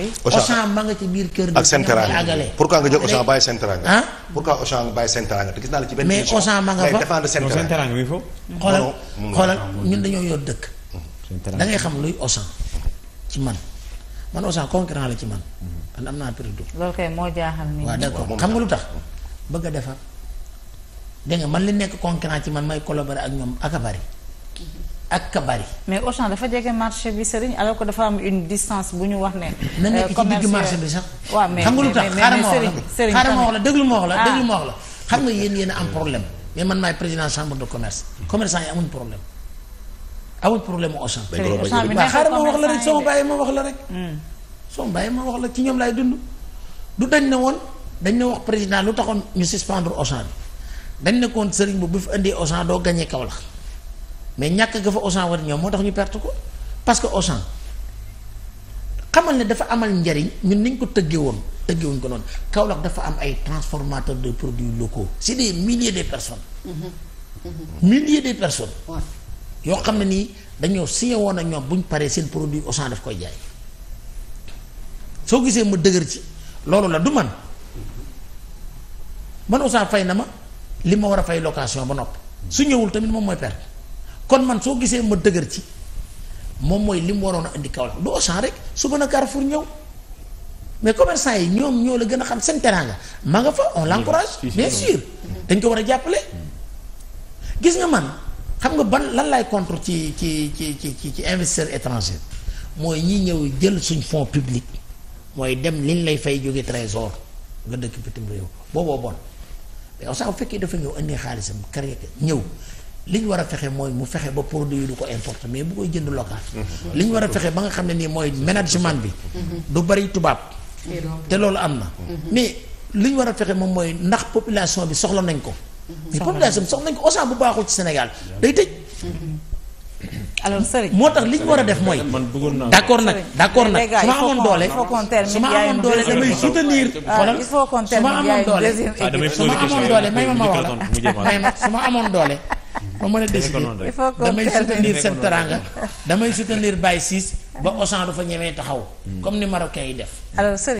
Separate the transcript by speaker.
Speaker 1: Auchan ma nga ci biir kër gi. ak seen teraanga pourquoi nga jël Auchan bàyyi seen teraanga. Ah? te gis naa la ci benn. mais Auchan ma nga fa défendre seen teraanga mi foofu.
Speaker 2: xoolal xoolal
Speaker 1: ñun dañoo yor dëkk. da xam luy Auchan ci man man Auchan concurrent la ci man. man am naa période. loolu kay moo jaaxal nit ñi. waaw d'accord xam nga lu tax bëgg a defar. dégg man li nekk concurrent ci man may collaborer ak ñoom ak a bari ak kabari. mais Auchan dafa jege marché bi Serigne alors que dafa am une distance bu ñu wax ne. na nekk ci digg euh, marché euh, bi sax. waaw mais xam nga lu tax xaaral ma wax la xaaral ma wax la déglu ma wax la ah. déglu xam nga yéen yéen a am problème mais man maay président chambre de commerce commerçant yi amuñ problème amuñ problème Auchan. xaaral ma wax la rek soo ma bàyyi ma wax la rek. Hmm. soo ma bàyyi ma wax la ci ñoom laay dund. du dañ ne woon dañ ne wax président lu taxoon ñu suspendre Auchan bi dañ ne koon Serigne bu bu fi indee Auchan doo gagné Kaolack mais ñàkk ga fa Auchan war ñoom moo tax ñu perte ko parce que Auchan xamal ne dafa amal njariñ ñun niñ ko tëggee woon tëggee wuñ ko noonu Kaolack dafa am ay transformateurs de produits locaux c'est des milliers de personnes mm-hmm. millier de personnes yoo xam ne nii dañoo signé woon ak ñoom bu ñu paree seen produit Auchan daf koy jaay soo gisee ma dëgër ci loolu la du man man Auchan fay na ma li ma war a fay location ba nopp su ñëwul tamit moom mooy perte kon man soo gisee ma dëgër ci moom mooy li mu waroon a indi Kaolack du Auchan rek suba na Carrefour ñëw mais commerçant yi ñoom ñoo la gën a xam seen teraanga maa nga fa on l'encourage bien dañ ko war a jàppale gis nga man xam nga ban lan laay contre ci ci ci ci ci investisseur étranger mooy ñi ñëw jël suñ fonds public mooy dem liñ lay fay jóge trésor nga dëkk bitim réew booboo bon mais Auchan bu fekkee dafa ñëw indi xaalisam créé ñëw li war a fexe mooy mu fexe ba produit yi du ko importe mais bu koy jënd local. Mm-hmm. li ñu war a fexe ba nga xam ne nii mooy management bi. Mm-hmm. du bari tubaab. te loolu am na. Mm-hmm. mais li ñu war a fexe moom mooy ndax population bi soxla nañ ko. mais population bi nañ ko Auchan bu baaxul ci Sénégal day tëj. alors moo tax li ñu war a def mooy. d'accord nag d'accord nag su ma amoon doole. su ma amoon doole damay soutenir. xoolal su ma amoon doole. su ma amoon doole may ma ma wax la may ma su ma amoon doole. ma mën a décider damay soutenir seen teranga damay soutenir Baye Ciss ba Auchan du fa ñemee taxaw comme ni marocain yi def